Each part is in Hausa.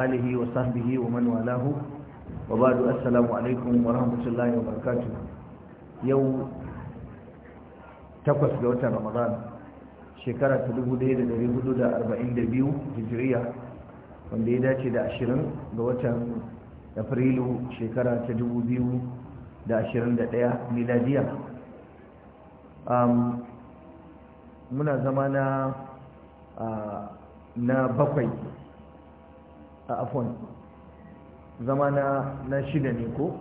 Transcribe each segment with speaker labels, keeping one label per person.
Speaker 1: alihi wa sahbihi wa man walahu wa ba'du assalamu alaikum wa rahmatullahi wa barakatuh yau takwas ga watan ramadan shekara ta 1442 hijriya wanda ya dace da 20 ga watan afrilu shekara ta 2021 miladiya muna zama na bakwai a afon zama na shida ne ko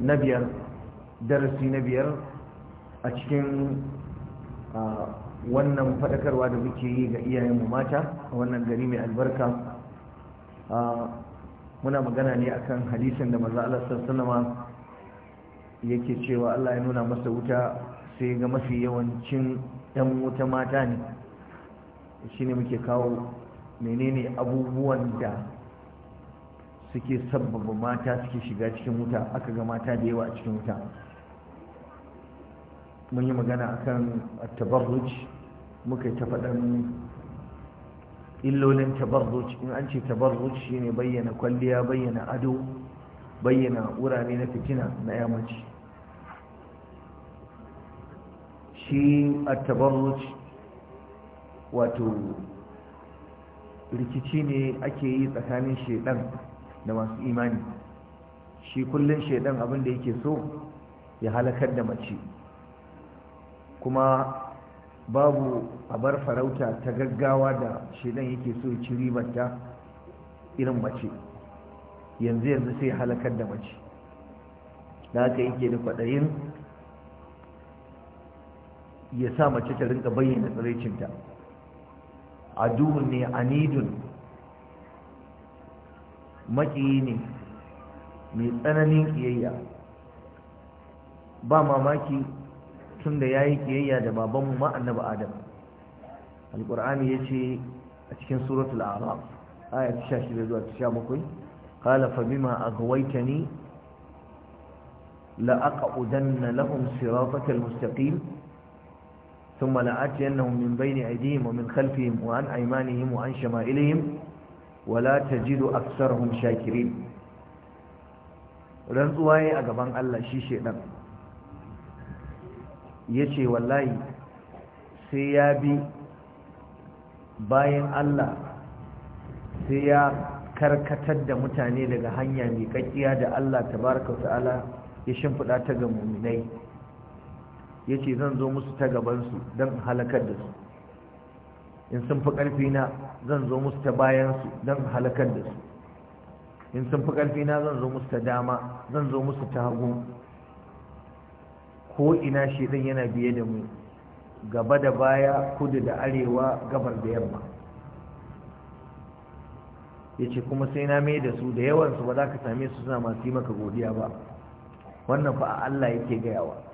Speaker 1: na biyar darasi na biyar a cikin wannan faɗakarwa da muke yi ga iyayen mu mata a wannan gari mai albarka muna magana ne akan hadisin da maza sassanama yake cewa Allah ya nuna masa wuta sai ga mafi yawancin 'yan wuta mata ne shi ne muke kawo menene abubuwan da suke sabbaba mata suke shiga cikin wuta aka ga mata da yawa a cikin wuta mun yi magana akan tabarruj muka yi ta faɗan illolin tabarruj in an ce tabarruj ne bayyana kwalliya bayyana ado bayyana wurare na fitina na yamaci shi a tabarruj wato rikici ne ake yi tsakanin shaidan da masu imani shi kullum shaidan abin da yake so ya halakar da mace kuma babu a bar farauta ta gaggawa da shaidan yake so ya ci ribarta irin mace yanzu yanzu sai halakar da mace da haka yake da kwaɗayin ya sa mace ta rinka bayyana tsiraicinta aduhun ne anidun maƙiyi ne mai tsananin ƙiyayya ba mamaki tun da ya yi ƙiyayya da babanmu ma'annaba adam alƙur'ani ya ce a cikin suratul araf aya ta shida zuwa ta bakwai ƙala fabima a gawaita ne la'aƙa'udanna lahun siratakal mustaƙim ثم لآتينهم من بين أيديهم ومن خلفهم وعن أيمانهم وعن شمائلهم ولا تجد أكثرهم شاكرين ran tsuwa ya yi a gaban Allah shi shaidan ya ce wallahi sai ya bi bayan Allah sai ya karkatar da mutane daga hanya mai kakkiya da Allah ta baraka ta'ala ya shimfiɗa ta ga muminai ya ce zan zo musu ta gabansu don halakar da su in sun fi ƙarfina zan zo musu ta bayansu don halakar da su in sun fi ƙarfina zan zo musu ta dama zan zo musu ta hagu ko ina shi shaidan yana biye da mu gaba da baya kudu da arewa gabar da yamma ya ce kuma sai na mai da su da yawansu ba za ka same su suna masu yi maka godiya ba wannan fa Allah yake gayawa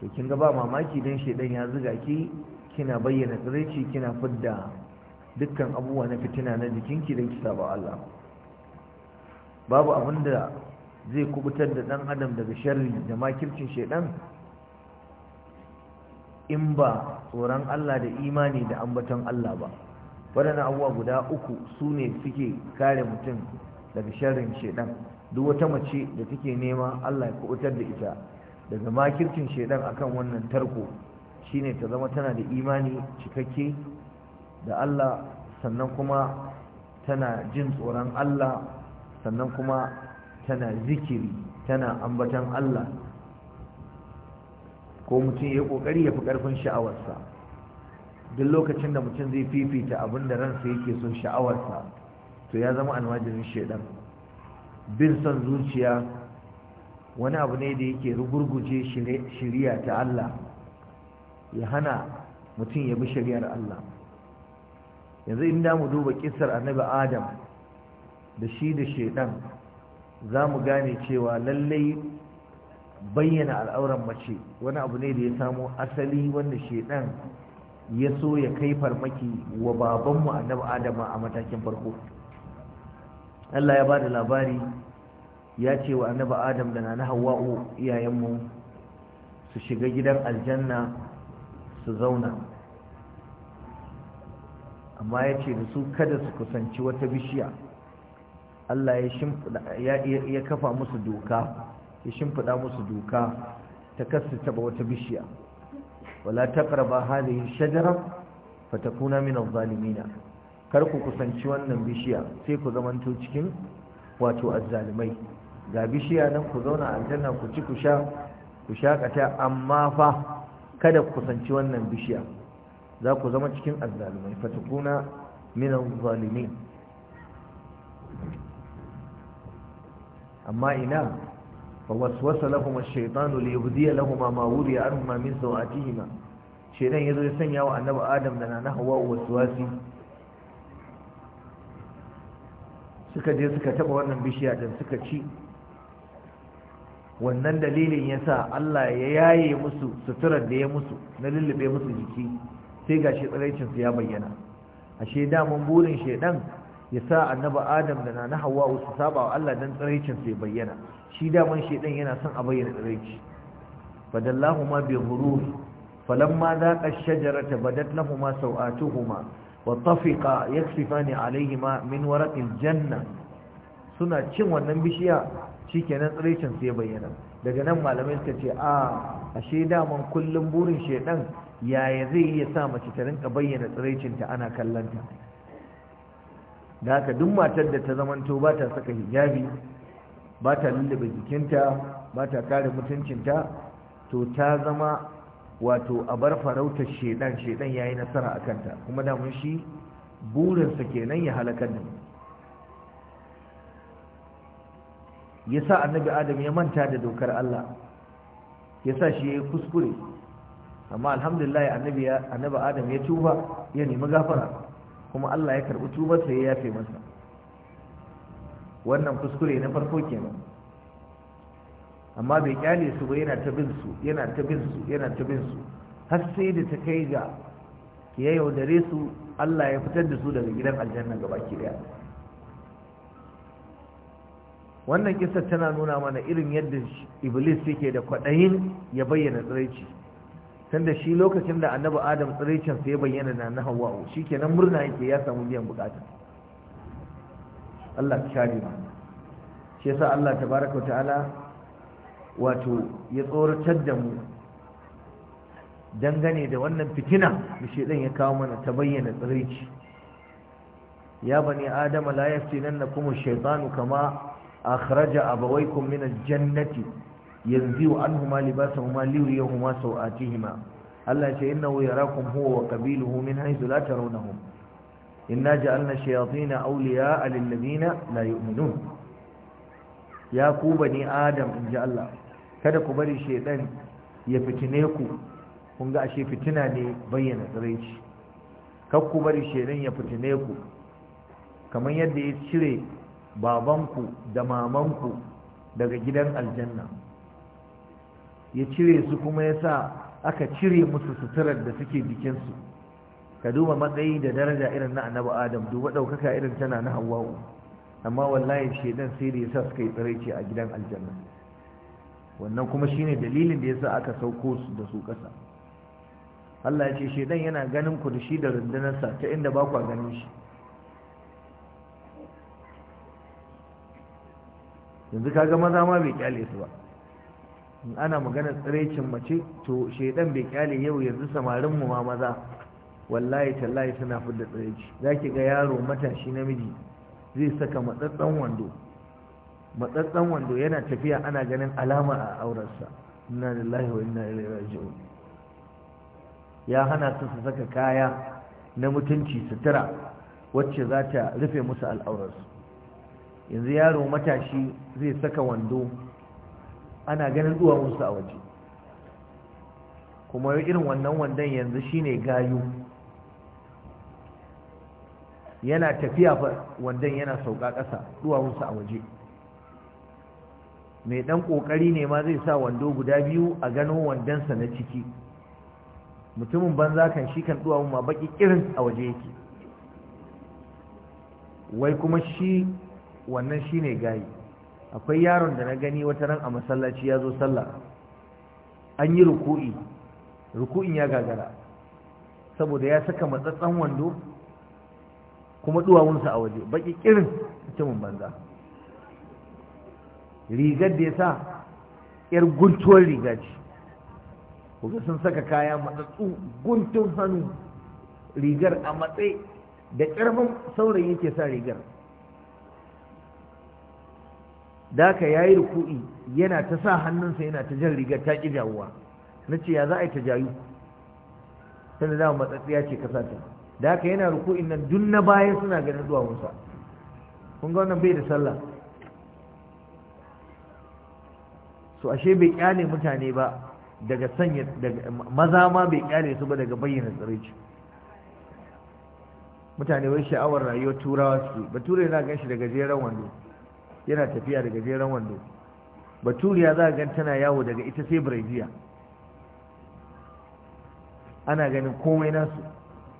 Speaker 1: to kin ga ba mamaki dan shedan ya zuga ki kina bayyana tsareci kina fidda dukkan abubuwa na fitina na jikinki dan ki saba Allah babu abinda zai kubutar da dan adam daga sharri da makircin shedan in ba tsoron Allah da imani da ambaton Allah ba waɗannan abubuwa guda uku su ne suke kare mutum daga sharrin shedan duk wata mace da take nema Allah ya kubutar da ita daga makircin shaidan akan wannan tarko shine ta zama tana da imani cikakke da Allah sannan kuma tana jin tsoron Allah sannan kuma tana zikiri tana ambatan Allah ko mutum ya kokari ya fi karfin sha'awarsa duk lokacin da mutum zai fifita abin da ransa yake son sha'awarsa to ya zama almajirin shaidan bin son zuciya wani abu ne da yake rugurguje shari'a ta Allah ya hana mutum ya bi shari'ar Allah yanzu in da mu duba kisar annabi Adam da shi da shaidan za mu gane cewa lallai bayyana al'auran mace wani abu ne da ya samo asali wanda shaidan ya so ya kai farmaki wa babanmu annabi Adam a matakin farko Allah ya ba da labari ya ce wa annabi adam da na hawa'u iyayenmu su shiga gidan aljanna su zauna amma ya ce da su kada su kusanci wata bishiya Allah ya kafa musu doka ya shimfiɗa musu doka ta kasu taba wata bishiya wala taqraba hadhihi shajara fatakuna min adh-dhalimin kar ku kusanci wannan bishiya sai ku zamanto cikin wato azzalimai ga bishiya nan ku zauna aljanna ku ci ku sha ku shakata amma fa kada ku kusanci wannan bishiya za ku zama cikin azzalumai fatakuna minan zalimin amma ina yubdiya lahum ma ليبدي anhum min sawatihima shedan yazo ya sanya wa annabi adam da nana hawa waswasi suka je suka taba wannan bishiya din suka ci wannan dalilin ya sa Allah ya yaye musu suturar da ya musu na lullube musu jiki sai ga shi tsiraicinsu ya bayyana ashe daman burin shaidan ya sa annaba adam da na na hawa'u su saba wa Allah don tsiraicinsu ya bayyana shi daman shaidan yana son a bayyana tsiraici fadallahu ma bi ghururi falamma zaqa ash-shajarata badat lahumu sawatuhuma wa tafiqa yaksifani alayhima min waraqil janna suna cin wannan bishiya kenan tsiraicin ya bayyana daga nan malamai suka ce a ashe daman kullum burin shaidan, yaya zai iya sa mace ta rinka bayyana ta ana kallanta da haka duk matar da ta zamanto ba ta saka hijabi ba ta lullube jikinta ba ta kare mutuncinta to ta zama wato a bar farautar shaidan ya yayi nasara a kanta kuma damun shi burinsa kenan ya halakar da mu Ya sa annabi adam ya manta da dokar Allah ya sa shi ya yi kuskure amma alhamdulillah annabi annabi adam ya tuba ya nemi gafara kuma Allah ya karbi tubarsa ya yafe masa wannan kuskure na farko kenan amma bai kyale su ba yana ta bin su yana ta bin su yana ta bin su har sai da ta kai ga ya yaudare su Allah ya fitar da su daga gidan aljanna gaba ki daya wannan kisar tana nuna mana irin yadda iblis yake da kwaɗayin ya bayyana tsiraici tunda shi lokacin da annabi adam tsiraicin ya bayyana na na hawa'u shi kenan murna yake ya samu biyan bukata Allah ta share ma shi yasa Allah ta'ala wato ya tsoratar da mu dangane da wannan fitina da shedan ya kawo mana ta bayyana tsiraici ya bani adama la na kuma shaytanu kama akhraja abawaykum min al-jannati yanzi'u anhuma libasahuma liyuriyahuma sawatihima Allah ya ce innahu yarakum huwa wa qabiluhu min haythu la tarawnahum inna ja'alna ash-shayatina awliya'a lil-ladina la yu'minun ya ku bani adam inji Allah kada ku bari shaytan ya fitine ku kun ga ashe fitina ne bayyana tsiraici kar ku bari shaytan ya fitine ku kamar yadda ya cire babanku da mamanku daga gidan aljanna ya cire su kuma ya sa aka cire musu suturar da suke jikinsu ka duba matsayi da daraja irin na annabi adam duba ɗaukaka irin tana na hawa'u amma wallahi shaidan sai da ya sa suka yi tsiraici a gidan aljanna wannan kuma shine dalilin da ya sa aka sauko su da su ƙasa Allah ya ce shaidan yana ganin ku da shi da rundunarsa ta inda ba ku ganin shi yanzu kaga maza ma bai kyale su ba in ana magana tsiraicin mace to shaidan bai kyale yau yanzu samarin mu ma maza wallahi tallahi suna fidda tsiraici zaki ga yaro matashi namiji zai saka matsatsan wando matsatsan wando yana tafiya ana ganin alama a aurarsa inna lillahi wa inna ilaihi raji'un ya hana su su saka kaya na mutunci sutura wacce za ta rufe musu al'aurarsu yanzu yaro matashi zai saka wando ana ganin duwawunsu a waje kuma irin wannan wandon yanzu shine gayu yana tafiya fa wandon yana sauka ƙasa duwawunsu a waje mai ɗan ƙoƙari ne ma zai sa wando guda biyu a gano wandonsa na ciki mutumin banza kan shi kan duwawun ma baƙi irin a waje yake wai kuma shi wannan shine gayi akwai yaron da na gani wata ran a masallaci ya zo sallah an yi ruku'i ruku'in ya gagara saboda ya saka matsatsan wando kuma duwawunsa a waje baki kirin mutumin banza rigar da ya sa yar guntuwar riga ce Kuma sun saka kaya matsatsu guntun hannu rigar a matsayi da ƙarfin saurayi yake sa rigar da ka yayi ruku'i yana ta sa hannunsa yana ta jan rigar ta ki jawuwa na ce ya za a yi ta jayu sai da matsatsiya ce ka sata da yana ruku'in nan dun na baya suna ganin duwawunsa kun ga wannan bai da sallah Su ashe bai kyale mutane ba daga sanya daga maza ma bai kyale su ba daga bayyana tsiraici mutane wai sha'awar rayuwar turawa su bature na ganshi daga jeran wando yana tafiya daga gajeren wando baturiya za a gan tana yawo daga ita sai braziya ana ganin komai nasu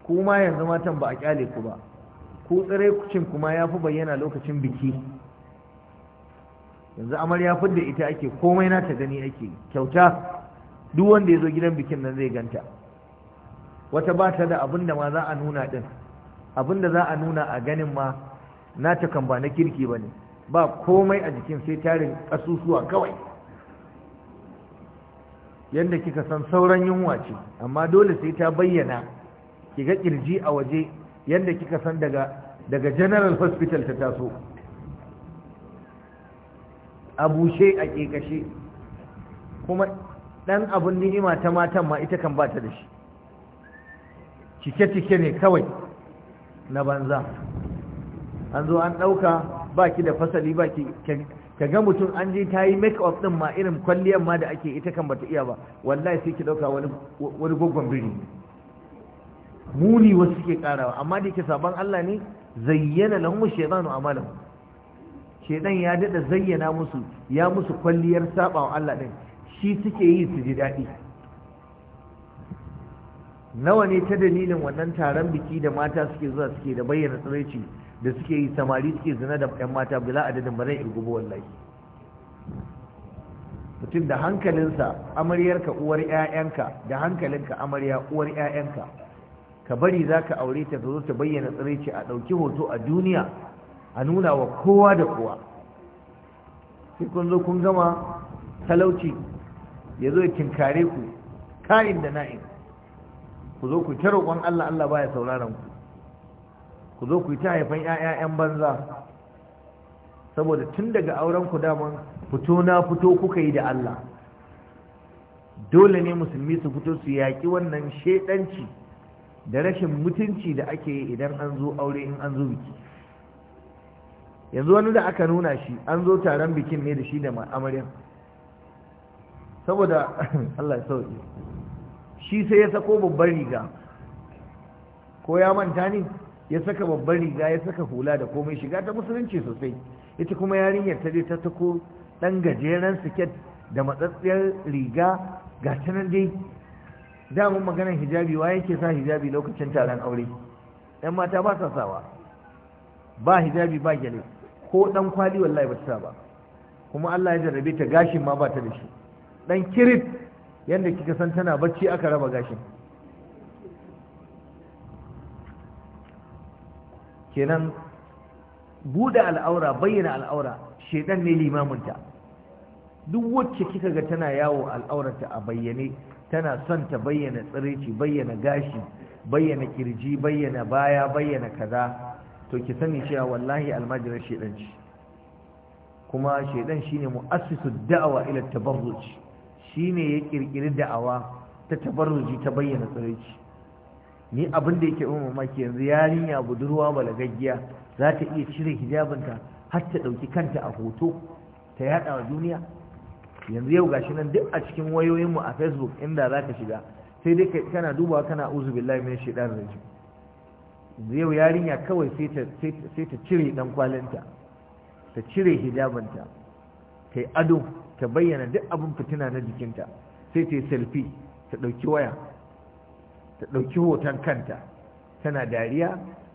Speaker 1: kuma yanzu matan ba a kyale ku ba ku tsirai kucin kuma ya fi bayyana lokacin biki yanzu amarya fidda ita ake komai nata gani ake kyauta duk wanda ya zo gidan bikin nan zai ganta wata ba ta da abin da ma za a nuna din abin da za a nuna a ganin ma nata kan ba na kirki ba ne ba komai a jikin sai tarin ƙasusuwa kawai yadda kika san sauran yunwa ce amma dole sai ta bayyana Ki ga kirji a waje yadda kika san daga daga general hospital ta taso a bushe a ƙeƙashe kuma ɗan abin ni'ima ta matan ma ita kan ba da shi cike-cike ne kawai na banza an zo an ɗauka ba ki da fasali ba ki ga mutum an je ta yi make up ɗin ma irin kwalliyar ma da ake ita kan bata iya ba wallahi sai ki ɗauka wani wani gogon biri muni wasu suke karawa amma da ke saban Allah ne zayyana lahum shaytanu amalahum shaytan ya dada zayyana musu ya musu kwalliyar sabawa Allah din shi suke yi su ji dadi nawa ne ta dalilin wannan taron biki da mata suke zuwa suke da bayyana tsaraici da suke yi samari suke zina da 'yan mata bila adadin ba zai irgubo wallahi mutum da hankalinsa amaryarka uwar 'ya'yanka da hankalinka amarya uwar 'ya'yanka ka bari za ka aure ta ka zo ta bayyana tsiraici a ɗauki hoto a duniya a nuna wa kowa da kowa sai kun zo kun gama talauci ya zo ya tinkare ku ka'in da na'in ku zo ku ta roƙon Allah Allah baya sauraron ku ku zo ku ta haifan ƴaƴan banza saboda tun daga auren ku daman fito na fito kuka yi da Allah dole ne musulmi su fito su yaƙi wannan shaidanci da rashin mutunci da ake yi idan an zo aure in an zo biki yanzu wani da aka nuna shi an zo taron bikin ne da shi da amaryar. saboda Allah ya sauke shi sai ya sako babbar riga ko ya manta ne ya saka babbar riga ya saka hula da komai shiga ta musulunci sosai ita kuma yarinyar ta je ta tako dan gajeren siket da matsatsiyar riga ga ta nan dai damun maganar hijabi wa yake sa hijabi lokacin taron aure yan mata ba sa sawa ba hijabi ba gyale ko dan kwali wallahi ba ta sa ba kuma Allah ya jarrabe ta gashin ma ba ta da shi dan kirit yadda kika san tana bacci aka raba gashin kenan buɗe al'aura bayyana al'aura shaidan ne limamunta. duk wacce kika ga tana yawo al'aurata a bayyane tana son ta bayyana tsirici bayyana gashi bayyana kirji bayyana baya bayyana kaza to ki sani cewa wallahi almajirar shaidan ce kuma shaidan shine mu'assisu da'awa ila tabarruci Shi ne ya da awa ta tabarruji ta bayyana tsiraici ni abin da yake umar mamaki yanzu yarinya budurwa balagaggiya za ta iya cire hijabinta har ta ɗauki kanta a hoto ta yaɗa wa duniya yanzu yau gashi nan duk a cikin wayoyinmu a facebook inda za ka shiga sai dai kana dubawa kana uzu billahi min shaitan rajim yau yarinya kawai sai ta cire dan kwalinta ta cire hijabinta kai ado ta bayyana duk abin fitina na jikinta sai ta yi selfie ta ɗauki waya ta ɗauki hoton kanta tana dariya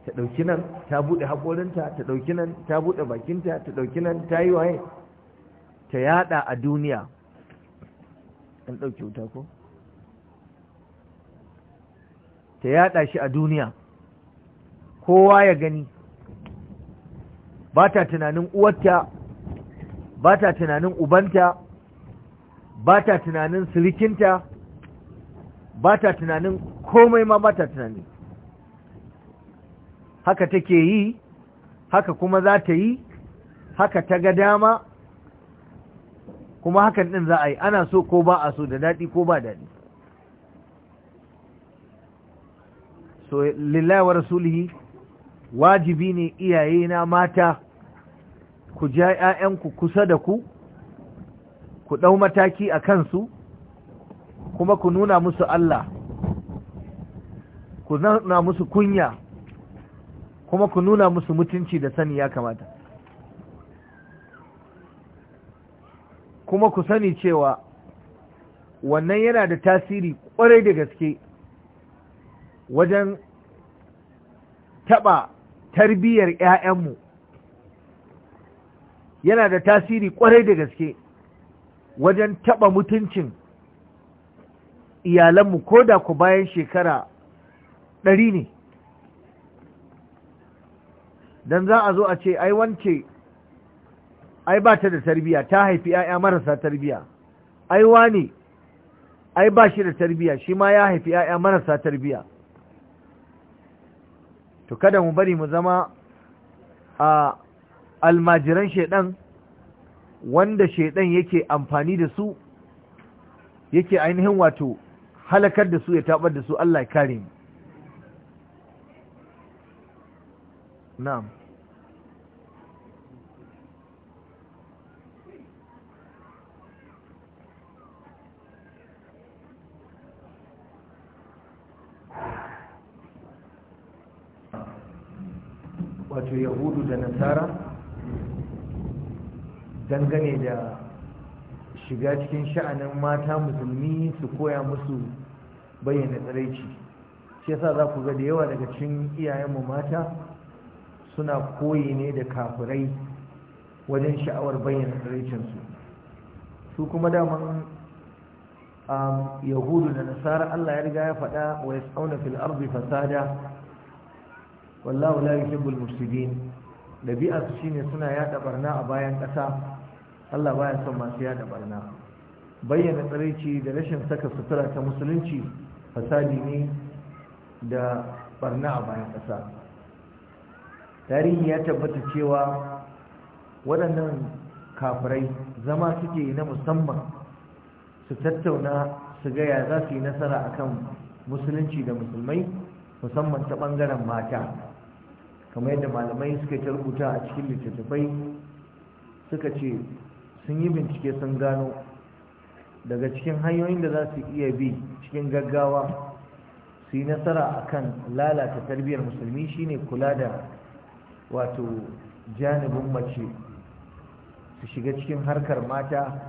Speaker 1: ta ɗauki nan ta buɗe haƙorinta ta ɗauki nan ta buɗe bakinta ta ɗauki nan ta yi waye ta yada a duniya an ɗauki wuta ko ta yaɗa shi a duniya kowa ya gani ba ta tunanin uwarta ba ta tunanin ubanta ba ta tunanin sirikinta ba ta tunanin komai ma ba ta tunani haka take yi haka kuma za ta yi haka ta ga dama kuma hakan ɗin za a yi ana so ko ba a so da daɗi ko ba daɗi so lillahi wa wajibi ne iyaye na mata ku ja 'ya'yanku kusa da ku ku ɗau mataki a kansu kuma ku nuna musu Allah ku nuna musu kunya kuma ku nuna musu mutunci da sani ya kamata kuma ku sani cewa wannan yana da tasiri kwarai da gaske wajen taɓa tarbiyyar 'ya'yanmu yana da tasiri kwarai da gaske wajen taɓa mutuncin iyalanmu ko da ku bayan shekara ɗari ne don za a zo a ce ai wance ai ba ta da tarbiya ta haifi 'ya'ya marasa tarbiya ai wane ai ba shi da tarbiya shi ma ya haifi 'ya'ya marasa tarbiya to kada mu bari mu zama a almajiran shaiɗan wanda shaiɗan yake amfani da su yake ainihin wato halakar da su ya tabar da su Allah ya kare na'am wato yahudu da nasara dangane da shiga cikin sha'anin mata musulmi su koya musu bayyana tsiraici shi yasa za ku ga da yawa daga cikin iyayenmu mata suna koyi ne da kafirai wajen sha'awar bayyana tsaraicinsu su kuma daman um, yahudu da nasara allah ya riga ya faɗa wa ya tsauna fil arzi fasada wallahu la yuhibbul mufsidin ɗabi'arsu shine suna yaɗa barna a bayan ƙasa Allah baya son masu yada barna bayyana tsaraici da rashin saka sutura ta musulunci fasadi ne da barna a bayan ƙasa tarihi ya tabbata cewa waɗannan kafirai zama suke na musamman su tattauna su gaya za su yi nasara kan musulunci da musulmai musamman ta ɓangaren mata kamar yadda malamai suka ta rubuta a cikin littattafai suka ce sun yi bincike sun gano daga cikin hanyoyin da za su iya bi cikin gaggawa su yi nasara a kan lalata tarbiyyar musulmi shine kula da wato janibin mace su shiga cikin harkar mata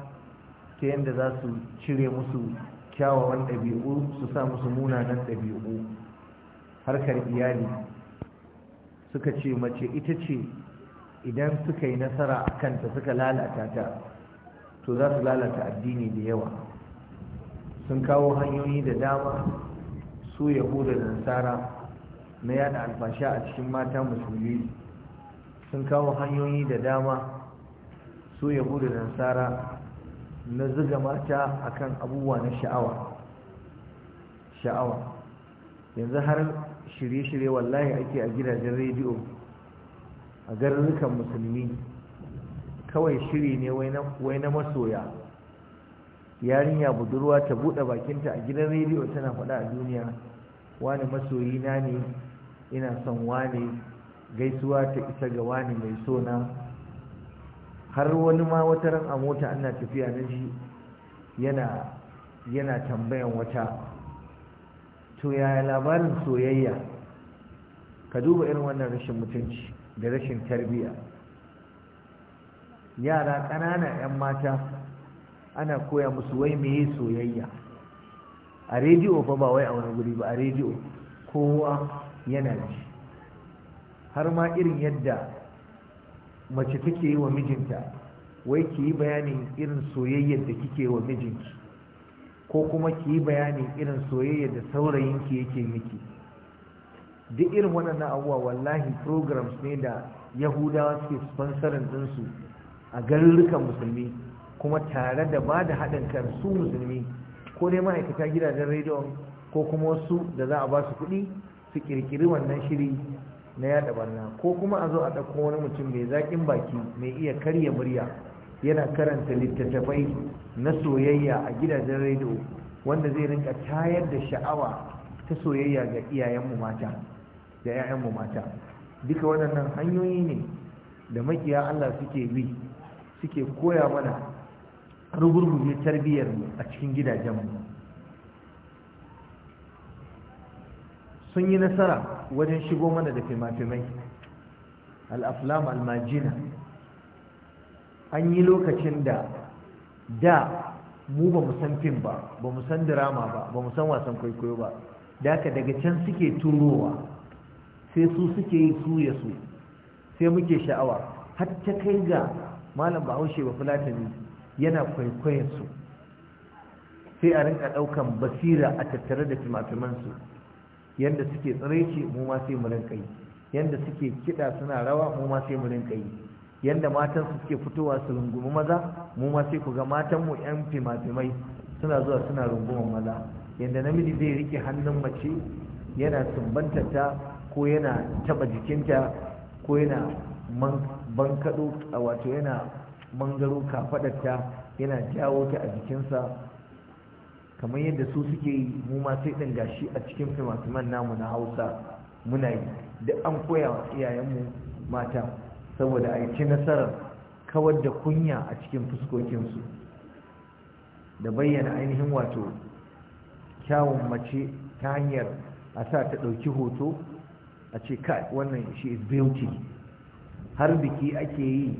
Speaker 1: ta yadda za su cire musu kyawawan ɗabi'u su sa musu munanan ɗabi'u harkar iyali suka ce mace ita ce idan suka yi nasara a kanta suka lalata ta to za su lalata addini da yawa sun kawo hanyoyi da dama su yahuda da nasara na yada alfasha a cikin mata musulmi sun kawo hanyoyi da dama su yahuda da nasara na zuga mata akan abubuwa na sha'awa sha'awa yanzu har shirye-shirye wallahi ake a gidajen rediyo a garurrukan musulmi kawai shiri ne wai na masoya yarinya budurwa ta buɗe bakinta a gidan rediyo tana faɗa a duniya wani masoyi na ne ina son wani gaisuwa ta isa ga wani mai sona har wani ma wata ran a mota ana tafiya na shi yana yana tambayan wata to yaya labarin soyayya ka duba irin wannan rashin mutunci da rashin tarbiyya yara ƙanana 'yan mata ana koya musu wai meye soyayya a rediyo fa ba wai a wani guri ba a rediyo kowa yana ji har ma irin yadda mace take yi wa mijinta wai ki yi bayanin irin soyayyar da kike wa mijinki ko kuma ki yi bayanin irin soyayyar da saurayinki yake miki duk irin waɗannan abubuwa wallahi programs ne da yahudawa suke sponsorin ɗinsu a garurrukan musulmi kuma tare da ba da haɗin kan su musulmi ko dai ma'aikata gidajen rediyo ko kuma wasu da za a ba su kuɗi su ƙirƙiri wannan shiri na yaɗa barna ko kuma a zo a ɗauko wani mutum mai zaƙin baki mai iya karya murya yana karanta littattafai na soyayya a gidajen rediyo wanda zai rinka tayar da sha'awa ta soyayya ga iyayenmu mata da 'ya'yanmu mata duka waɗannan hanyoyi ne da makiya Allah suke bi suke koya mana rugurguje tarbiyyar mu a cikin gidajen mu sun yi nasara wajen shigo mana da fimafimai al'aflam almajina an yi lokacin da da mu ba mu san fim ba ba mu san dirama ba ba mu san wasan kwaikwayo ba da ka daga can suke turowa sai su suke yi su ya su sai muke sha'awa har kai ga malam bahaushe ba fulatani yana kwaikwayon su sai a rinka daukan basira a tattare da timatiman su yanda suke tsiraici mu ma sai mu rinka yi yanda suke kida suna rawa mu ma sai mu rinka yi yanda matan su suke fitowa su rungumi maza mu ma sai ku ga matan mu yan fimafimai suna zuwa suna runguman maza yanda namiji zai rike hannun mace yana sumbantar ta ko yana taba jikinta ko yana bankaɗo a wato yana mangaro kafaɗarta yana jawo ta a jikinsa kamar yadda su suke yi mu ma sai ɗan gashi a cikin fimatiman namu na hausa muna yi da an koya wa iyayen mu mata saboda a ci nasarar kawar da kunya a cikin fuskokinsu da bayyana ainihin wato kyawun mace ta hanyar a sa ta ɗauki hoto a ce kai wannan shi is beauty har biki ake yi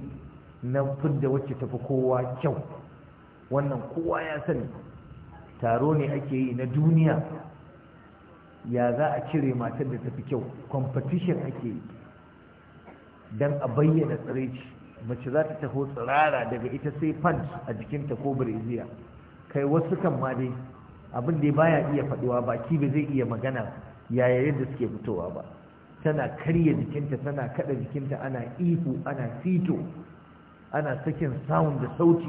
Speaker 1: na fidda wacce tafi kowa kyau wannan kowa ya sani taro ne ake yi na duniya ya za a cire matar da tafi kyau competition ake yi don a bayyana tsiraici mace za ta taho tsirara daga ita sai pants a jikinta ko brazil kai wasu kan ma dai abin da baya iya faduwa baki ba zai iya magana yaya yadda suke fitowa ba tana karya jikinta tana kada jikinta ana ihu ana fito ana sakin sound da sauti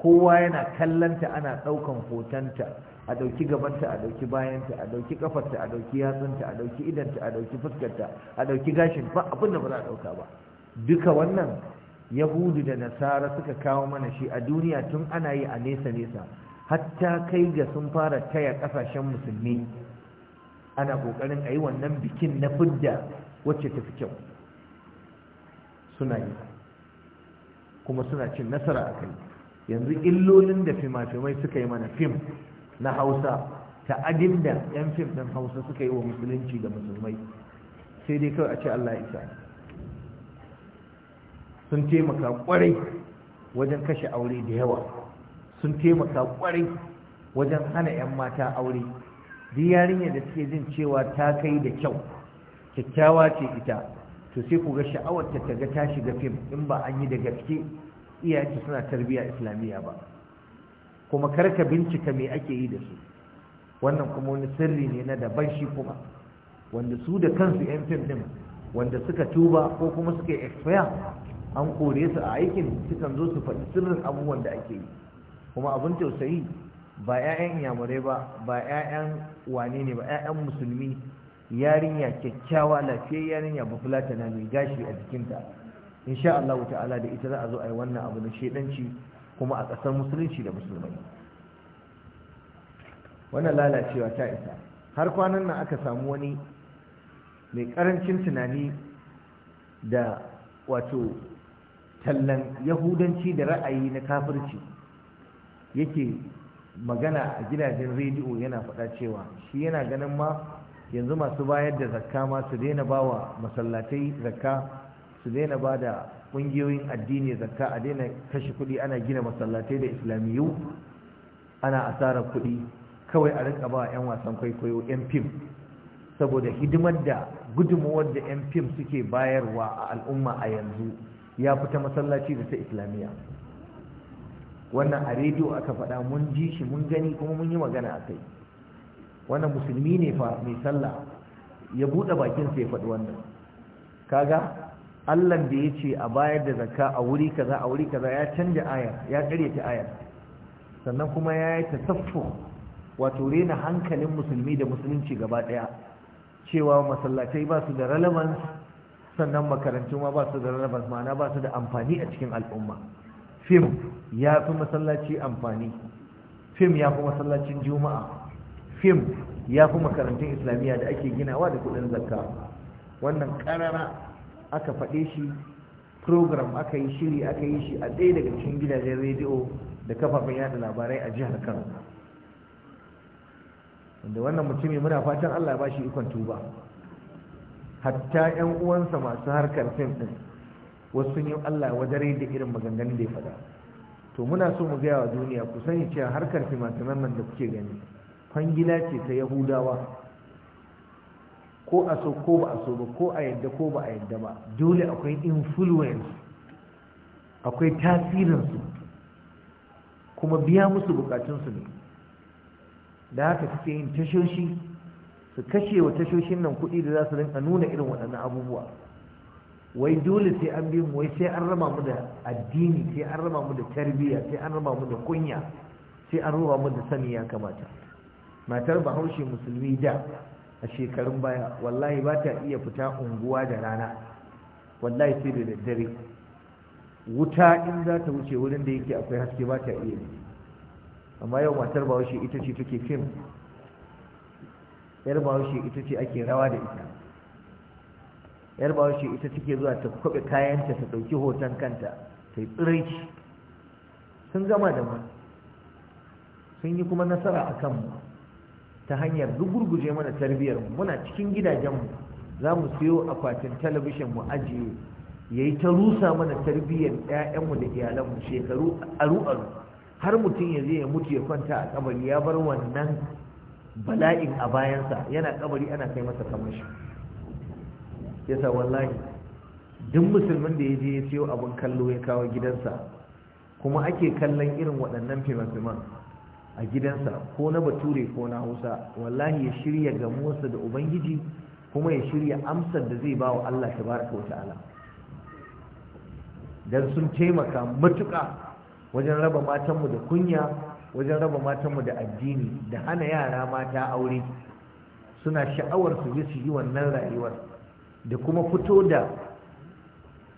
Speaker 1: kowa yana kallanta ana daukan hotonta a dauki gabanta a dauki bayanta a dauki kafarta a dauki yatsunta a dauki idanta a dauki fuskarta a dauki gashin ba abin da ba za a dauka ba duka wannan yahudu da nasara suka kawo mana shi a duniya tun ana yi a nesa nesa hatta kai ga sun fara taya kasashen musulmi ana kokarin a yi wannan bikin na fidda wacce ta fi kyau suna yi kuma suna cin nasara a kai yanzu illolin da fima-fimai suka yi mana fim na hausa ta adin da 'yan fim ɗin hausa suka yi wa musulunci da musulmai sai dai kawai a ce allah isa sun taimaka kwarai wajen kashe aure da yawa sun taimaka kwarai wajen hana 'yan mata aure duk yarinya da suke jin cewa ta kai da kyau kyakkyawa ce ita to sai ku ga sha'awar ta ta ga ta shiga fim in ba an yi da gaske iyayenta suna tarbiyya islamiyya ba kuma karka bincika me ake yi da su wannan kuma wani sirri ne na daban shi kuma wanda su da kansu yan fim din wanda suka tuba ko kuma suka expire an kore su a aikin sukan zo su faɗi sirrin abubuwan da ake yi kuma abin tausayi ba 'ya'yan yamurai ba ba 'ya'yan wane ne ba 'ya'yan musulmi yarinya kyakkyawa lafiya, yarinya ba fulata na mai gashi a jikinta insha Allah ta'ala da ita za a zo a yi wannan abu na shedanci kuma a ƙasar musulunci da musulmai wannan lalacewa ta isa har kwanan nan aka samu wani mai ƙarancin tunani da wato tallan yahudanci da ra'ayi na kafirci yake magana a gidajen rediyo yana faɗa cewa shi yana ganin ma yanzu masu bayar da zakka ma su daina ba wa masallatai zakka su daina ba da ƙungiyoyin addini zakka a daina kashe kuɗi ana gina masallatai da islamiyu ana asarar kuɗi kawai a rinka ba 'yan wasan kwaikwayo 'yan fim saboda hidimar da gudunmuwar da 'yan fim suke bayarwa a al'umma a yanzu ya fita masallaci da ta islamiyya wannan a rediyo aka faɗa mun ji shi mun gani kuma mun yi magana a kai wannan musulmi ne fa mai sallah ya buɗe bakin sai faɗi wannan kaga Allah da ya ce a bayar da zakka a wuri kaza a wuri kaza ya canja aya ya ƙare ta ayar sannan kuma ya yi tasaffo wato rena hankalin musulmi da musulunci gaba ɗaya cewa masallatai ba su da relevance sannan makarantu ma ba su da relevance ma'ana ba su da amfani a cikin al'umma fim ya fi masallaci amfani fim ya fi masallacin juma'a fim ya fi makarantun islamiyya da ake ginawa da kudin zakka wannan karara aka faɗe shi program aka yi shiri aka yi shi a ɗaya daga cikin gidajen rediyo da kafafen yada labarai a jihar kano wanda wannan mutumin muna fatan allah ba shi ikon tuba hatta 'yan uwansa masu harkar fim ɗin wasu sun yi Allah wadare da irin maganganun da ya faɗa to muna so mu gaya wa duniya ku sani cewa harkar masu nan da kuke gani kwangila ce ta yahudawa ko a so ko ba a so ba ko a yadda ko ba a yadda ba dole akwai influence akwai tasirinsu kuma biya musu bukatunsu ne da haka suke yin tashoshi su kashe wa tashoshin nan kuɗi da za su rinka nuna irin waɗannan abubuwa wai dole sai an bi mu wai sai an raba mu da addini sai an raba mu da tarbiyya sai an raba mu da kunya sai an raba mu da sani ya kamata matar bahaushe musulmi da a shekarun baya wallahi ba ta iya fita unguwa da rana wallahi sai da daddare wuta in za ta wuce wurin da yake akwai haske ba ta iya amma yau matar bahaushe ita ce take fim yar bahaushe ita ce ake rawa da ita yar bahaushe ita take zuwa ta kwaɓe kayanta ta ɗauki hoton kanta ta yi tsiraici sun gama da mu sun yi kuma nasara a kanmu ta hanyar gugurguje mana tarbiyyar mu muna cikin gidajenmu za mu siyo akwatin talabishin mu ajiye ya yi ta rusa mana tarbiyyar 'ya'yanmu da iyalanmu shekaru aru-aru har mutum ya zai ya mutu ya kwanta a kabari ya bar wannan bala'in a bayansa yana kabari ana kai masa kamar shi yasa wallahi duk musulmin da ya je ya siyo abin kallo ya kawo gidansa kuma ake kallon irin waɗannan fima-fiman a gidansa ko na bature ko na hausa wallahi ya shirya gamuwarsa da ubangiji kuma ya shirya amsar da zai ba wa allah tabaraka wa don sun taimaka matuka wajen raba matanmu da kunya wajen raba matanmu da addini da hana yara mata aure suna sha'awar su je su yi wannan rayuwar da kuma fito da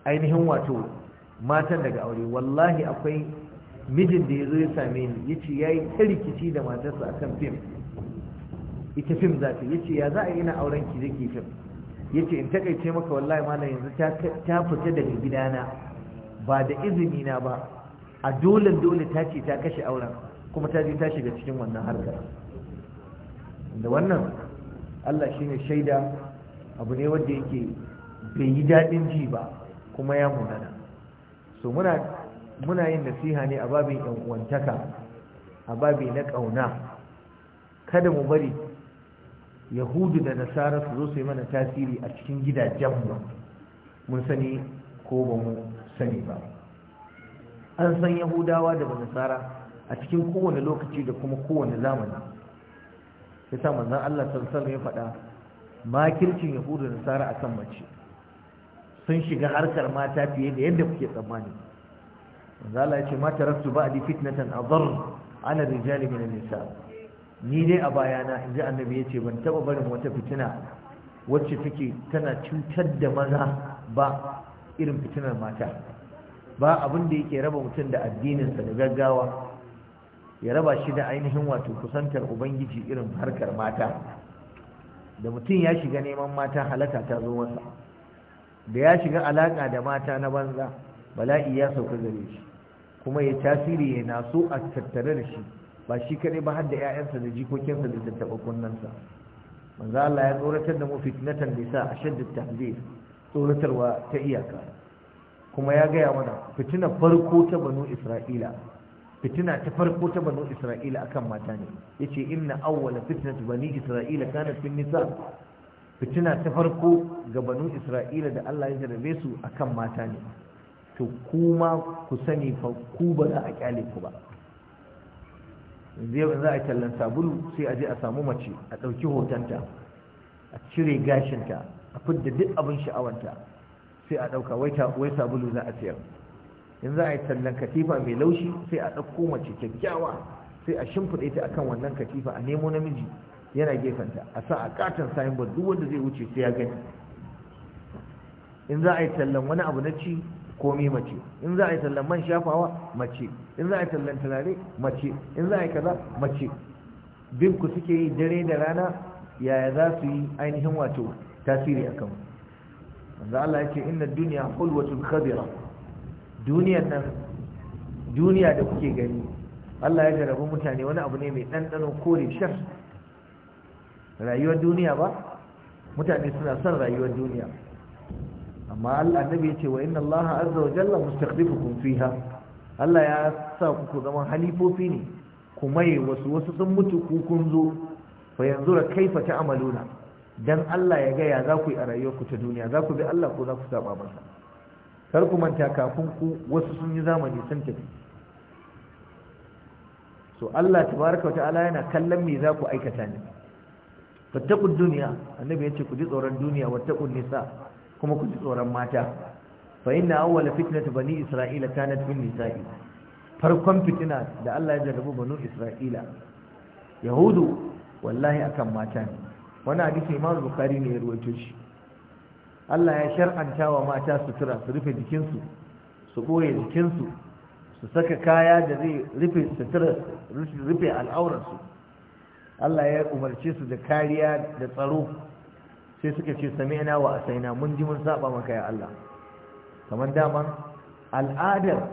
Speaker 1: ainihin wato matan daga aure wallahi akwai mijin da ya zo ya same ni ya ce ya yi ta rikici da matarsa a kan fim ita fim za ta ya ce ya za a yi na auren ki zai fim ya ce in takaice maka wallahi malam yanzu ta fita daga gidana ba da izini na ba a dole dole ta ce ta kashe auren kuma ta je ta shiga cikin wannan harkar da wannan Allah shine shaida abu ne wanda yake bai yi daɗin ji ba kuma ya munana so muna yin nasiha ne a babin yan uwantaka a babi na ƙauna kada mu bari yahudu da nasara su zo su yi mana tasiri a cikin gidajenmu mun sani ko ba mu sani ba an san yahudawa da nasara a cikin kowane lokaci da kuma kowane zamani ya sa manzan Allah sallallahu ya faɗa makircin yahudu da tsara a kan mace sun shiga harkar mata fiye da yadda kuke tsammani manzo ya ce mata rasu di fitnatan adar ala rijali na nisa ni dai a bayana ji annabi ya ce ban taba barin wata fitina wacce take tana cutar da maza ba irin fitinar mata ba abin da yake raba mutum da addininsa da gaggawa ya raba shi da ainihin wato kusantar ubangiji irin harkar mata da mutum ya shiga neman mata halatta ta zo masa da ya shiga alaka da mata na banza bala'i ya sauka gare shi kuma ya tasiri ya so a tattare da shi ba shi kadai ba har da 'ya'yansa da jikokinsa da tattaɓa kunnansa manzo Allah ya tsoratar da mu fitnatan nisa ashaddu tahzir tsoratarwa ta iyaka kuma ya gaya mana fitinar farko ta banu isra'ila fitina ta farko ta banu isra'ila akan mata ne yace inna awwala fitnatu bani isra'ila kanat fin nisa fitina ta farko ga banu isra'ila da Allah ya jarabe su akan mata ne to kuma ku sani fa ku ba za a kyale ku ba yanzu za a tallan sabulu sai a je a samu mace a ɗauki hotonta a cire gashinta a fidda duk abin sha'awanta sai a ɗauka wai sabulu za a siyar in za a yi tallan katifa mai laushi sai a ɗauko mace kyakkyawa sai a shimfiɗe ta akan wannan katifa a nemo namiji yana gefenta a sa a katon sayan ba duk wanda zai wuce sai ya gani in za a yi tallan wani abu na ci komi mace in za a yi tallan man shafawa mace in za a yi tallan turare mace in za a yi kaza mace bin ku suke yi dare da rana yaya za su yi ainihin wato tasiri akan manzo Allah ya ce inna dunya hulwatun khadira duniyar nan duniya da kuke gani Allah ya jarabi mutane wani abu ne mai ɗanɗano kore shar rayuwar duniya ba mutane suna son rayuwar duniya amma Allah annabi yace wa inna Allah azza wa jalla mustakhlifukum fiha Allah ya sa ku ku zama halifofi ne kuma yi wasu wasu sun mutu ku kun zo fa yanzu kaifa ta'maluna dan Allah ya ga ya za ku yi a rayuwar ku ta duniya za ku bi Allah ko za ku saba masa kar ku manta kafin ku wasu sun yi zamani sun tafi so Allah tabaraka wata'ala yana kallon me za ku aikata ne fattaqud dunya annabi yace ku ji tsoron duniya wattaqun nisa kuma ku ji tsoron mata fa inna awwala fitnati bani isra'ila kanat min nisa'i farkon fitina da Allah ya jarrabu banu isra'ila yahudu wallahi akan mata ne wannan hadisi ma Bukhari ne ya ruwaito shi Allah ya shar'anta wa mata sutura su rufe jikinsu su ɓoye jikinsu su saka kaya da zai rufe sutura rufe al'aurarsu Allah ya umarce su da kariya da tsaro sai suka ce sami'na wa asaina mun ji mun saba maka ya Allah kamar daman al'adar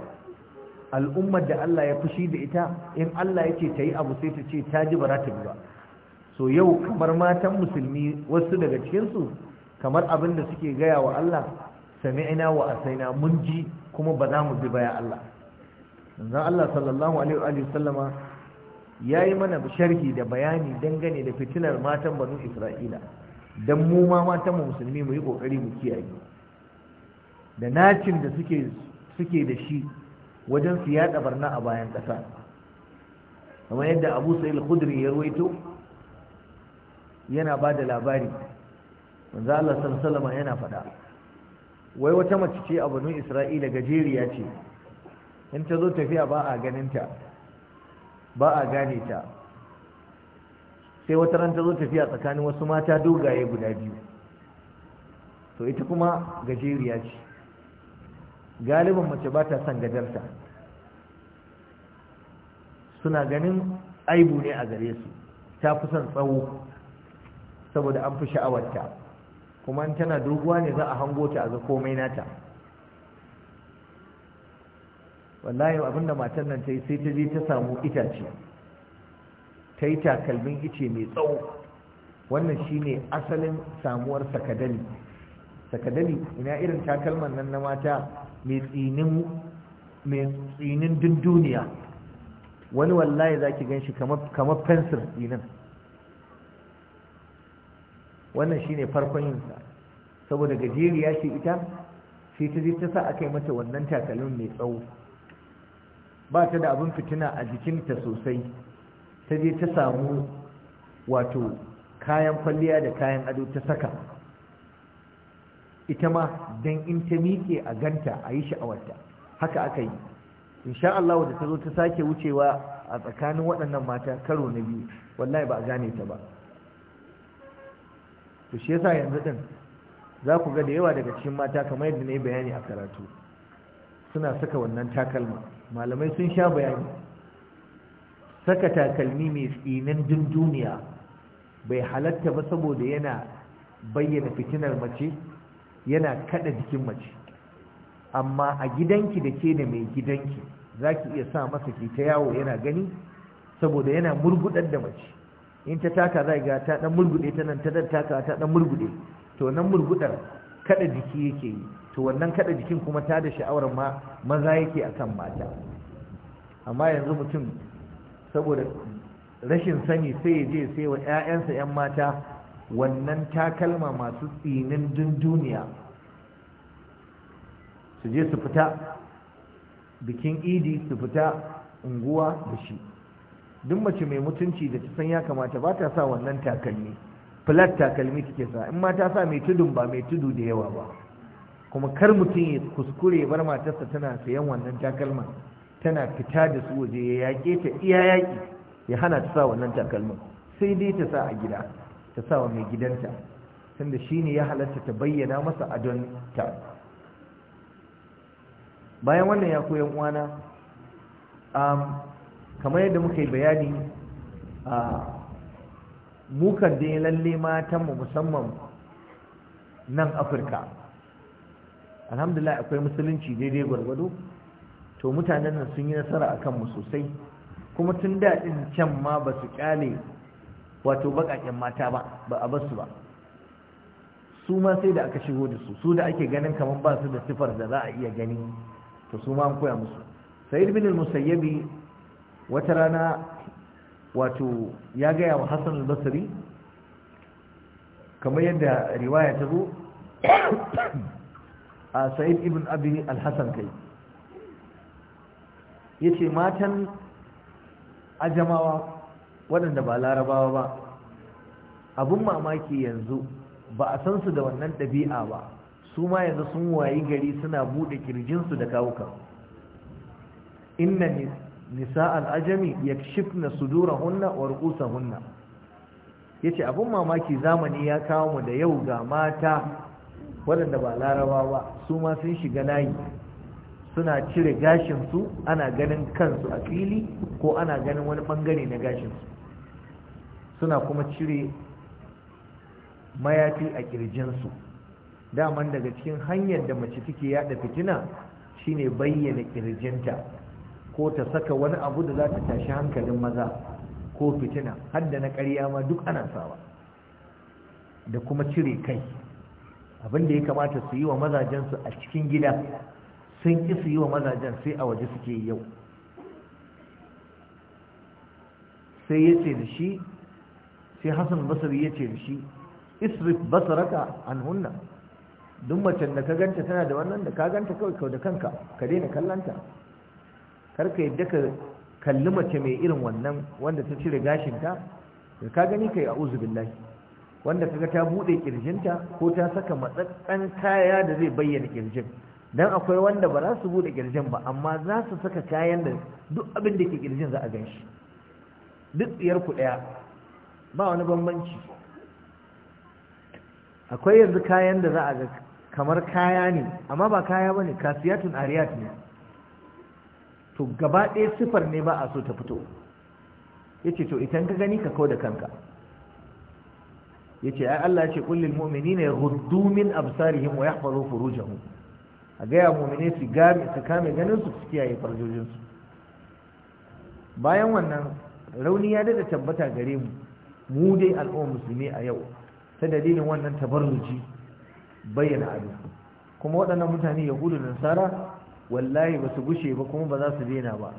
Speaker 1: al'ummar da Allah ya fushi da ita in Allah ya ce ta yi abu sai ta ce ta ji ba za ta ba so yau kamar matan musulmi wasu daga cikinsu kamar abin da suke gaya wa Allah sami'ina wa asaina mun ji kuma ba za mu bi baya Allah manzon Allah sallallahu alaihi wa sallama yayi mana sharhi da bayani dangane da fitinar matan banu Isra'ila dan mu ma matan musulmi mu yi kokari mu kiyaye da nacin da suke suke da shi wajen su yada barna a bayan ƙasa kamar yadda Abu Sa'id al-Khudri ya ruwaito yana ba da labari manzo Allah sallallahu alaihi yana faɗa wai wata mace ce a banu Isra'ila gajeriya ce in ta zo tafiya ba a ganin ta ba a gane ta sai wata ran ta zo tafiya tsakanin wasu mata dogaye guda biyu to ita kuma gajeriya ce galibin mace ba ta son gajarta suna ganin aibu ne a gare su ta fi son tsawo saboda an fi sha'awarta kuma in tana doguwa ne za a hango ta a ga komai nata wallahi abinda matan nan ta yi sai ta je ta samu itace ta yi takalmin ice mai tsawo wannan shine asalin samuwar sakadali sakadali ina irin takalman nan na mata mai tsinin dunduniya wani wallahi za ki gan shi kamar fensir dinan wannan shine farkon yin sa, saboda gajeriya ce ita sai ta je ta sa aka yi mata wannan takalmin mai tsawo ba ta da abin fitina a jikinta sosai ta je ta samu wato kayan kwalliya da kayan ado ta saka ita ma don in ta miƙe a ganta a yi sha'awarta haka aka yi insha Allah da ta zo ta sake wucewa a tsakanin waɗannan mata karo na biyu wallahi ba a gane ta ba to shi yasa yanzu din za ku ga da yawa daga cikin mata kamar yadda na yi bayani a karatu suna saka wannan takalma malamai sun sha bayani saka takalmi mai tsinin duniya bai halatta ba saboda yana bayyana fitinar mace yana kada jikin mace amma a gidanki da ke da mai gidanki za ki iya sa masa ke ta yawo yana gani saboda yana murgudar da mace in ta taka za ga ta dan murgude ta nan ta dan taka ta dan murgude to nan murgudar kada jiki yake yi to wannan kada jikin kuma ta da sha'awar ma maza yake akan mata amma yanzu mutum saboda rashin sani sai ya je sai wa ƴaƴansa yan mata wannan takalma masu tsinin dunduniya su je su fita bikin idi su fita unguwa da shi duk mace mai mutunci da ta san ya kamata ba ta sa wannan takalmi flat takalmi take sa in ma ta sa mai tudun ba mai tudu da yawa ba kuma kar mutum ya kuskure bar matarsa tana sayan wannan takalma tana fita da su waje ya yaƙe ta iya yaƙi ya hana ta sa wannan takalmin sai dai ta sa a gida ta sa wa mai gidanta tunda shi ne ya halarta ta bayyana masa adon ta bayan wannan ya koyan uwana um, kamar yadda muka yi bayani a mukan dai lalle matanmu musamman nan afirka alhamdulillah akwai musulunci daidai gwargwado to mutanen nan sun yi nasara a kanmu sosai kuma tun daɗin can ma ba su ƙyale wato baƙaƙen mata ba ba a basu ba su ma sai da aka shigo da su su da ake ganin kamar ba su da sifar da za a iya gani to su ma an koya musu sayyid bin musayyabi wata rana wato ya gaya wa hassan al-basri kamar yadda riwaya ta zo a sa'id ibn abi al-hassan kai ya ce matan ajamawa waɗanda ba larabawa ba abin mamaki yanzu ba a san su da wannan ɗabi'a ba su ma yanzu sun wayi gari suna buɗe kirjinsu da kawuka inna nisa al'ajami ya shifna sudurahunna wa hunna? ya ce abin mamaki zamani ya kawo mu da yau ga mata waɗanda ba laraba ba su ma sun shiga layi suna cire gashinsu ana ganin kansu a fili ko ana ganin wani bangare na gashinsu suna kuma cire mayafi a ƙirjinsu daman daga cikin hanyar da mace take yada fitina shine bayyana ƙirjinta ko ta saka wani abu da za ta tashi hankalin maza ko fitina har na ƙarya ma duk ana sawa da kuma cire kai abinda ya kamata su yi wa mazajensu a cikin gida sun ƙi su yi wa mazajen sai a waje suke yau sai ya ce da shi sai hassan basari ya ce da shi isrif basaraka an hunna duk macen da ka ganta tana da wannan da ka ganta kawai kau da kanka ka daina kallanta karka yadda ka kalli mace mai irin wannan wanda ta cire gashinta da ka gani kai a'udhu billahi wanda kaga ta bude kirjinta ko ta saka matsatsan kaya da zai bayyana kirjin dan akwai wanda ba za su bude kirjin ba amma za su saka kayan da duk abin da ke kirjin za a ganshi duk tsiyar ku daya ba wani bambanci akwai yanzu kayan da za a ga kamar kaya ne amma ba kaya bane kasiyatun ariyat ne to gaba ɗaya sifar ne ba a so ta fito ya ce to idan ka gani ka kawo da kanka ya ce ai Allah ce kullum mu'mini ne hudu min absarihim wa yahfazu furujahum a gaya mu'mini su su kame ganin su su kiyaye farjojin bayan wannan rauni ya dada tabbata gare mu mu dai al'ummar musulmi a yau ta dalilin wannan tabarruji bayyana abin kuma waɗannan mutane yahudu da nasara wallahi ba su gushe ba kuma ba za su daina ba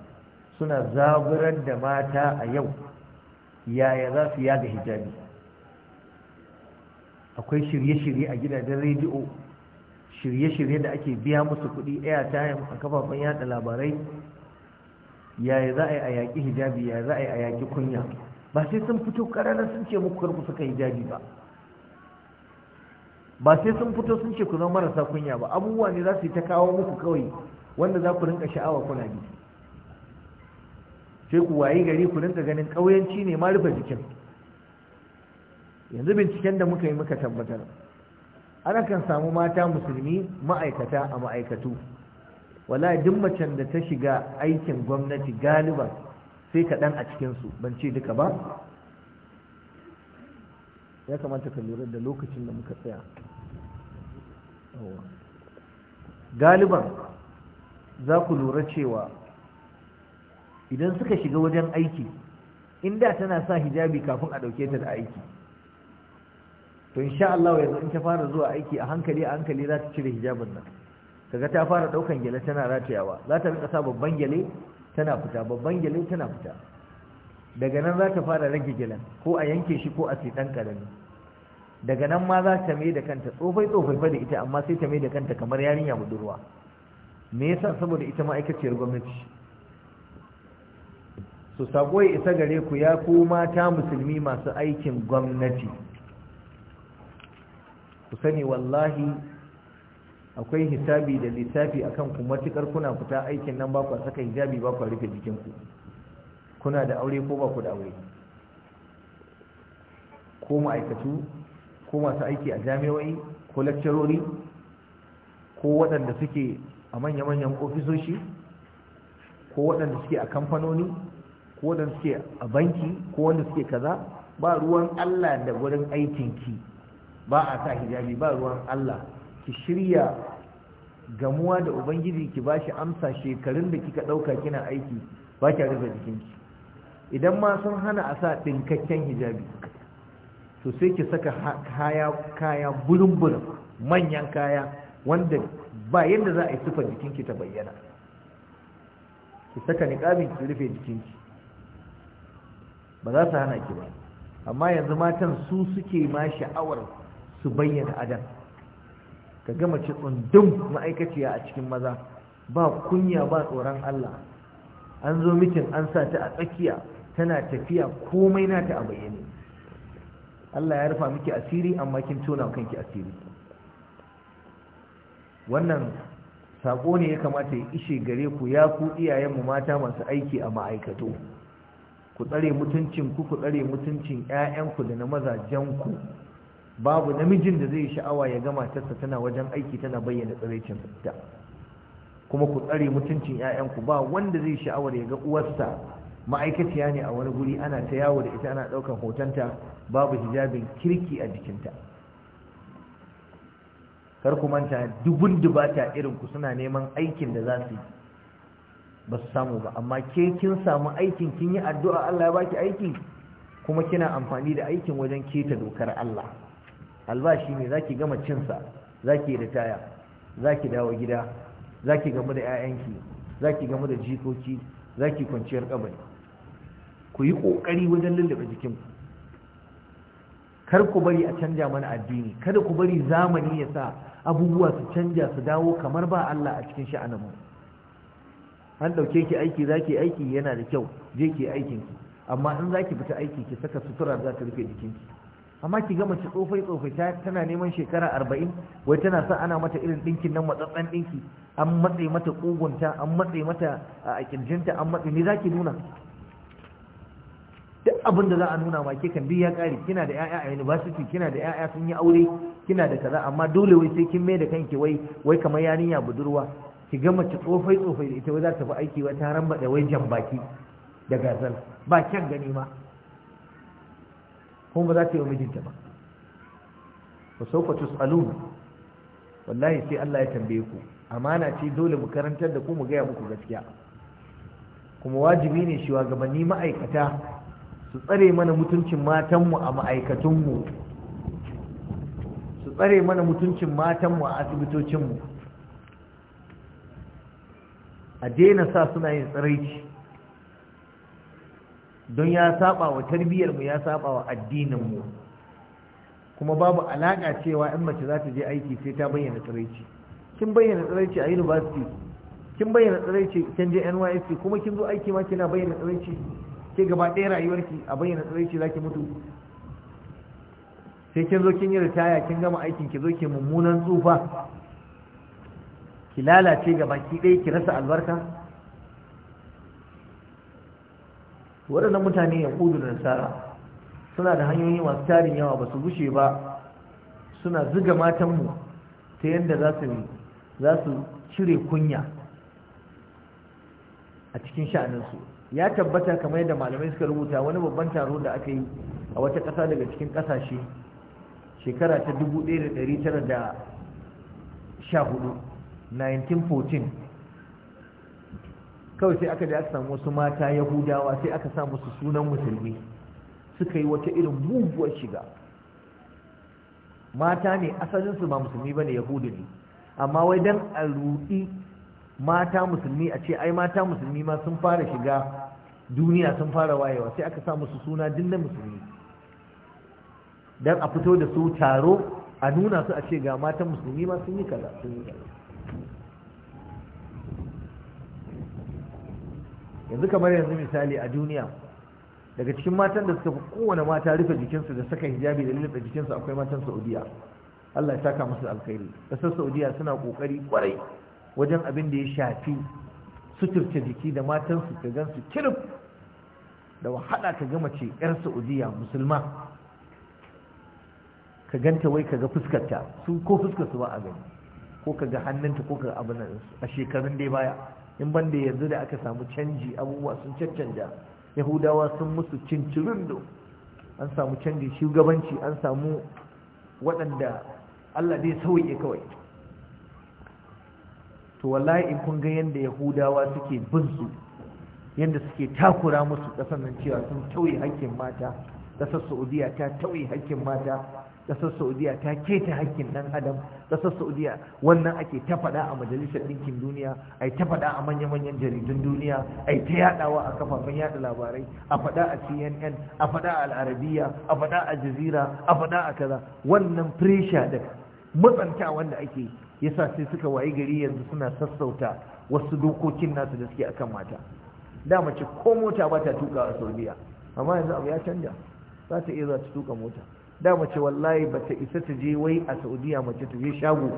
Speaker 1: suna zaburar da mata a yau yaya za su yaga hijabi akwai shirye-shirye a gidajen rediyo shirye-shirye da ake biya musu kuɗi airtime a kafafen yada labarai yaya za a yi a yaƙi hijabi yaya za a yi a yaƙi kunya ba sai sun fito ƙararar sun ce muku karku suka hijabi ba ba sai sun fito sun ce ku zama marasa kunya ba abubuwa ne za su yi ta kawo muku kawai wanda za ku rinka sha'awa kuna bi sai ku wayi gari ku rinka ganin ƙauyenci ne ma rufe jikin yanzu binciken da muka yi muka tabbatar ana kan samu mata musulmi ma'aikata a ma'aikatu wala duk macen da ta shiga aikin gwamnati galiba sai kaɗan a cikinsu ban ce duka ba ya kamata ka lura da lokacin da muka tsaya galiban za ku lura cewa idan suka shiga wajen aiki inda tana sa hijabi kafin a ɗauke ta da aiki to insha Allah yanzu in ta fara zuwa aiki a hankali a hankali za ta cire hijabin nan kaga ta fara ɗaukan gele tana ratayawa za ta rika sa babban gele tana fita babban gele tana fita daga nan za ta fara rage gyalen ko a yanke shi ko a sai dan ƙarami daga nan ma za ta mai da kanta tsofai tsofai fa da ita amma sai ta mai da kanta kamar yarinya budurwa me yasa saboda ita ma'aikaciyar gwamnati Su sako ya isa gare ku ya ku mata musulmi masu aikin gwamnati ku sani wallahi akwai hisabi da lissafi akan ku matukar kuna fita aikin nan ba ku saka hijabi ba ku rufe jikinku kuna da aure ko ba ku da aure ko ma'aikatu ko masu aiki a jami'o'i ko lakcarori ko waɗanda suke a manya-manyan ofisoshi ko waɗanda suke a kamfanoni ko waɗanda suke a banki ko wanda suke kaza ba ruwan Allah da wurin aikinki ba a sa hijabi ba ruwan Allah ki shirya gamuwa da ubangiji ki ba shi amsa shekarun da kika ɗauka kina aiki ba ki rufe jikinki idan ma sun hana a sa ɗinkakken hijabi to sai ki saka kaya kaya bulun-bulun manyan kaya wanda ba yadda za a yi sufar jikinki ta bayyana ki saka niƙabin ki rufe jikinki ba za su hana ki ba amma yanzu matan su suke ma sha'awar su bayyana adam ka gama ci tsundum ma'aikaciya a cikin maza ba kunya ba tsoron Allah an zo mitin an sa ta a tsakiya tana tafiya komai na ta a bayyane Allah ya rufa miki asiri amma kin tona kanki asiri wannan sako ne ya kamata ya ishe gare ku ya ku iyayenmu mata masu aiki a ma'aikato ku tsare mutuncin ku ku tsare mutuncin 'ya'yanku da na mazajen ku babu namijin da zai sha'awa ya gama tasa tana wajen aiki tana bayyana tsarecin ta kuma ku tsare mutuncin 'ya'yanku ba wanda zai sha'awar ya ga uwarsa ma'aikaciya ne a wani guri ana ta yawo da ita ana ɗaukar hotonta babu hijabin kirki a jikinta kar ku manta dubun dubata irin ku suna neman aikin da za su yi ba su samu ba amma ke kin samu aikin kin yi addu'a Allah ya baki aiki kuma kina amfani da aikin wajen keta dokar Allah albashi ne zaki gama cin sa zaki ritaya zaki dawo gida zaki gamu da ƴaƴanki zaki gamu da jikoki zaki kwanciyar kabari ku yi kokari wajen lullaba jikin ku kar ku bari a canja mana addini kada ku bari zamani ya sa abubuwa su canja su dawo kamar ba Allah a cikin mu an ɗauke ki aiki zaki ki aiki yana da kyau je ki ki amma in zaki fita aiki ki saka sutura za ta rufe jikinki amma ki gama ci tsofai tsofai ta tana neman shekara arba'in wai tana sa ana mata irin ɗinkin nan matsatsan ɗinki an matse mata kugunta an matse mata a ƙirjinta an matse ne zaki nuna duk abin da za a nuna ma ke kan duk ya kare kina da yaya a university kina da yaya sun yi aure kina da kaza amma dole wai sai kin mai da kanki wai wai kamar yarinya budurwa ki ga mace tsofai tsofai da ita wai za ta fi aiki wai ta ramba da wai jan baki da gazal ba kyan gani ma kuma za ta yi wa mijinta ba ku sauka tus'alun wallahi sai Allah ya tambaye ku amana ce dole mu karantar da ku mu gaya muku gaskiya kuma wajibi ne shugabanni ma'aikata su tsare mana mutuncin matanmu a ma'aikatunmu su tsare mana mutuncin matanmu a asibitocinmu a daina sa suna yin tsiraici don ya saba wa tarbiyyarmu ya saba wa addininmu kuma babu alaƙa cewa in mace za ta je aiki sai ta bayyana tsiraici kin bayyana tsiraici a university kin bayyana tsiraici kin je NYSC kuma kin zo aiki ma kina bayyana tsiraici ke gaba ɗaya rayuwarki a bayyana za ki mutu sai kin zo kin yi ritaya kin gama aikin ki zo ki mummunan tsufa ki lalace gaba ki ɗaya ki rasa albarka waɗannan mutane ya kudu da nasara suna da hanyoyi masu tarin yawa ba su gushe ba suna ziga matanmu ta yadda za su cire kunya a cikin sha'aninsu ya tabbata kamar yadda malamai suka rubuta wani babban taro da aka yi a wata ƙasa daga cikin ƙasashe shekara ta 1914 1914 kawai sai aka da aka samu wasu mata yahudawa sai aka sa musu sunan musulmi suka yi wata irin muguwar shiga mata ne asalinsu ba musulmi ba ne yahudu ne amma wai don a ruɗi mata musulmi a ce ai mata musulmi ma sun fara shiga duniya sun fara wayewa sai aka samu su suna dinna musulmi don a fito da su taro a nuna su a ce ga matan musulmi ma sun yi kaza sun yi kaza yanzu kamar yanzu misali a duniya daga cikin matan da suka fi kowane mata rufe jikinsu da saka hijabi da lulluɓe jikinsu akwai matan saudiya Allah ya saka musu alkhairi ƙasar saudiya suna ƙoƙari kwarai wajen abin da ya shafi suturta jiki da matansu ka gan su kirif da wahala ka gama ce 'yar saudiya musulma ka ganta wai ka ga fuskarta su ko fuskar ba a gani ko ka ga hannunta ko ka abin a shekarun dai baya in ban da yanzu da aka samu canji abubuwa sun caccanja yahudawa sun musu do. an samu canji shugabanci an samu waɗanda allah dai sauye kawai to wallahi in kun ga yadda yahudawa suke bin su yadda suke takura musu ƙasar nan cewa sun tauye hakkin mata ƙasar saudiya ta tauye hakkin mata ƙasar saudiya ta keta hakkin ɗan adam ƙasar saudiya wannan ake ta faɗa a majalisar ɗinkin duniya ai ta faɗa a manya-manyan jaridun duniya ai ta yaɗawa a kafafen yaɗa labarai a faɗa a cnn a faɗa a al'arabiya a faɗa a jazira a faɗa a kaza wannan presha da matsantawa wanda ake yasa sai suka wayi gari yanzu suna sassauta wasu dokokin nasu da suke akan mata da mace ko mota ba ta tuka a saudiya amma yanzu abu ya canja za ta iya za ta tuka mota da mace wallahi ba ta isa ta je wai a saudiya mace ta je shago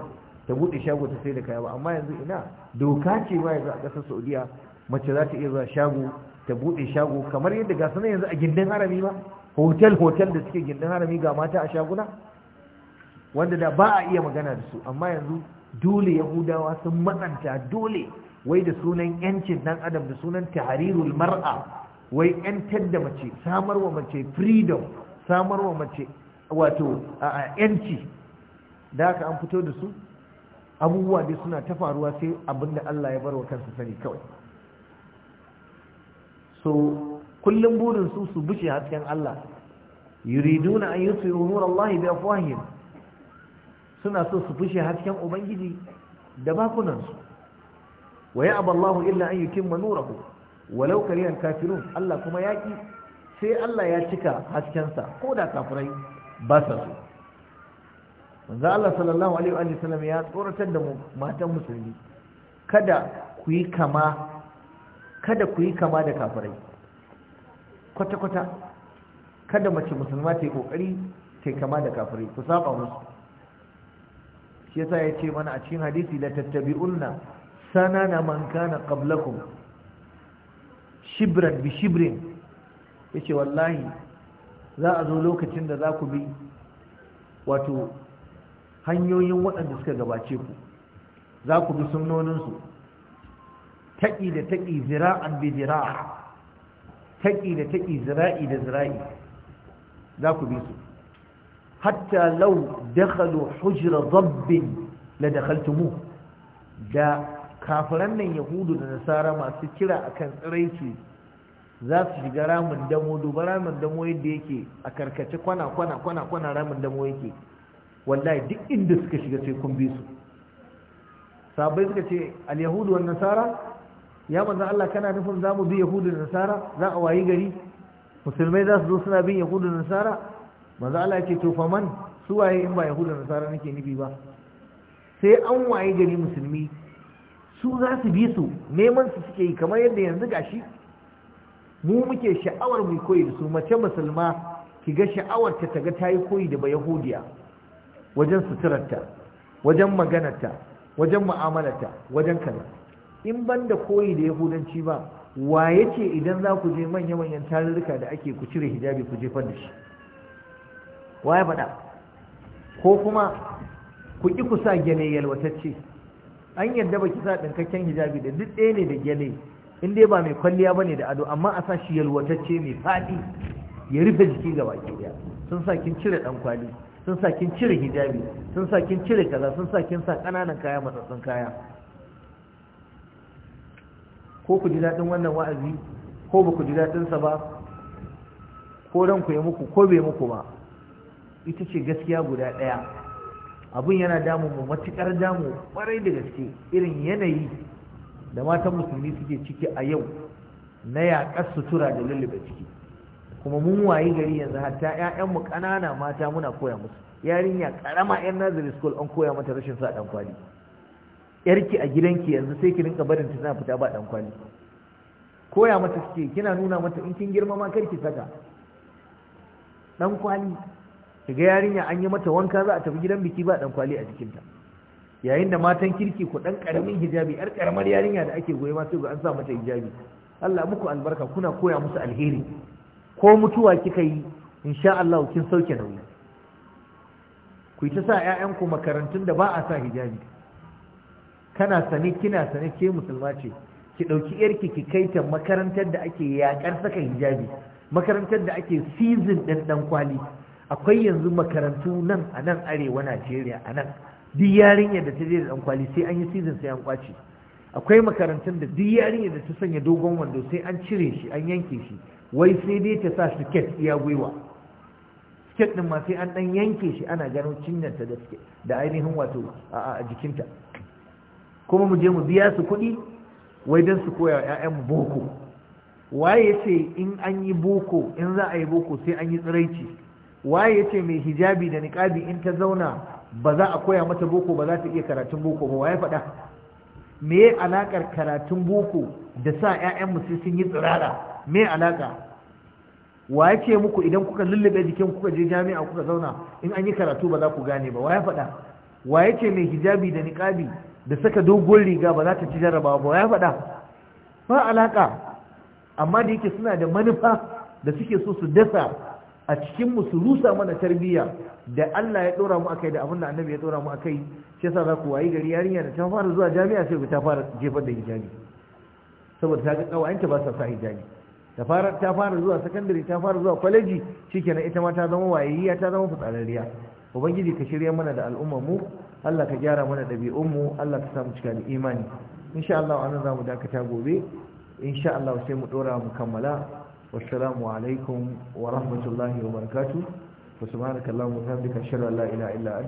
Speaker 1: ta buɗe shago ta sai da kaya ba amma yanzu ina doka ce ma yanzu a ƙasar saudiya mace za ta iya zuwa shago ta buɗe shago kamar yadda ga yanzu a gindin harami ba hotel hotel da suke gindin harami ga mata a shaguna wanda da ba a iya magana da su amma yanzu dole yahudawa sun matsanta dole wai da sunan yancin dan adam da sunan tahrirul mar'a wai yantar da mace wa mace freedom wa mace wato yanci da aka an fito da su abubuwa dai suna ta faruwa sai abinda Allah ya bar wa kansa sani kawai so kullum burin su su bushe hasken Allah yuriduna an yusiru nur Allah bi afwahihim suna so su fushe hasken ubangiji da bakunansu wa ya aballahu illa an yutimma nurahu walau kariyan kafirun Allah kuma yaki sai Allah ya cika haskensa ko da kafirai ba sa so manzo Allah sallallahu alaihi wa sallam ya tsoratar da matan musulmi kada ku yi kama kada ku yi kama da kafirai kwata kwata kada mace musulma ta yi kokari ta kama da kafirai ku saba musu shi yasa ya ce mana a cikin hadisi la tattabi'unna sanana man kana qablakum shibran bi shibrin yace wallahi za a zo lokacin da za ku bi wato hanyoyin waɗanda suka gabace ku za ku bi sunnoninsu taƙi da taƙi zira'an bi zira'a taƙi da taƙi zira'i da zira'i za ku bi su hatta lau dakhalu hujra dhabbin la dakhaltumuh da kafiran nan yahudu da nasara masu kira akan tsiraici za su shiga ramin damo duba ramin damo yadda yake a karkace kwana kwana kwana kwana ramin damo yake wallahi duk inda suka shiga sai kun bi suka ce al-yahudu wan nasara ya manzo Allah kana nufin zamu bin yahudu da nasara za a wayi gari musulmai za zo suna bin yahudu da nasara maza Allah ya ce to faman su waye in ba yahuda nasara nake nufi ba sai an waye gari musulmi su za su bi su neman su suke yi kamar yadda yanzu gashi mu muke sha'awar mu koyi da su mace musulma ki ga sha'awar ta taga ta yi koyi da ba yahudiya wajen suturarta wajen maganarta wajen mu'amalarta wajen kaza in ban da koyi da yahudanci ba wa yake idan za ku je manya-manyan tarurruka da ake ku cire hijabi ku jefar da shi wa ya faɗa ko kuma ku ƙi ku sa gyale yalwatacce an yadda ba ki sa ɗinkakken hijabi da duk ɗaya ne da gyale in dai ba mai kwalliya ba ne da ado amma a sa shi yalwatacce mai faɗi ya rufe jiki gaba ke ɗaya sun sa kin cire ɗan kwali sun sa kin cire hijabi sun sa kin cire kaza sun sa kin sa ƙananan kaya matsatsun kaya ko ku ji daɗin wannan wa'azi ko ba ku ji daɗinsa ba ko ranku ya muku ko bai muku ba ita ce gaskiya guda ɗaya abun yana damu mu matuƙar damu ƙwarai da gaske irin yanayi da matan musulmi suke ciki a yau na yaƙar sutura da lullube ciki kuma mun wayi gari yanzu hatta 'ya'yanmu ƙanana mata muna koya musu yarinya ƙarama 'yan nazari school an koya mata rashin sa ɗan kwali yarki a gidanki yanzu sai ki rinka barin ta tana fita ba ɗan kwali koya mata suke kina nuna mata in kin girma ma kar ki saka ɗan kwali kaga yarinya an yi mata wanka za a tafi gidan biki ba dan kwali a jikinta yayin da matan kirki ku dan karamin hijabi yar karamar yarinya da ake goyi ma sai ga an sa mata hijabi Allah muku albarka kuna koya musu alheri ko mutuwa kika yi insha Allah kin sauke nauyi ku ta sa ku makarantun da ba a sa hijabi kana sane kina sane ke musulma ce ki ɗauki yarki ki kai ta makarantar da ake yakar saka hijabi makarantar da ake season ɗin dan kwali akwai yanzu makarantu nan a nan arewa najeriya a nan duk yarinyar da ta je da kwali sai an yi season sai an kwace akwai makarantun da duk yarinyar da ta sanya dogon wando sai an cire shi an yanke shi wai sai dai ta sa siket iya gwiwa siket din ma sai an dan yanke shi ana ganin ta da da ainihin wato a jikinta kuma mu je mu biya su kuɗi wai dan su koya mu boko waye ya ce in an yi boko in za a yi boko sai an yi tsiraici waye yace mai hijabi da niqabi in ta zauna ba za a koya mata boko ba za ta iya karatun boko ba waye faɗa me alakar karatun boko da sa 'ya'yan mu sun yi tsirara me alaka wa ce muku idan kuka lullube jikin kuka je jami'a kuka zauna in an yi karatu ba za ku gane ba waye faɗa wa ce mai hijabi da niqabi da saka dogon riga ba za ta ci jarrabawa ba waye faɗa ba alaka amma da yake suna da manufa da suke so su dasa a cikin mu su rusa mana tarbiyya da Allah ya dora mu akai da abin da annabi ya dora mu akai shi yasa za ku wayi gari yarinya da ta fara zuwa jami'a sai ta fara jefar da hijabi saboda ta ga kawayenta ba sa sa hijabi ta fara ta fara zuwa sakandare ta fara zuwa kwaleji shikenan ita ma ta zama wayayya ta zama fitsararriya ubangiji ka shirya mana da al'umma mu Allah ka gyara mana ɗabi'un mu Allah ka samu cika da imani insha Allah anan zamu dakata gobe insha Allah sai mu dora mu kammala wassalamu wa rahmatullahi wa barakatuh wa subhanakallahumma wa bihamdika ashhadu an la ilaha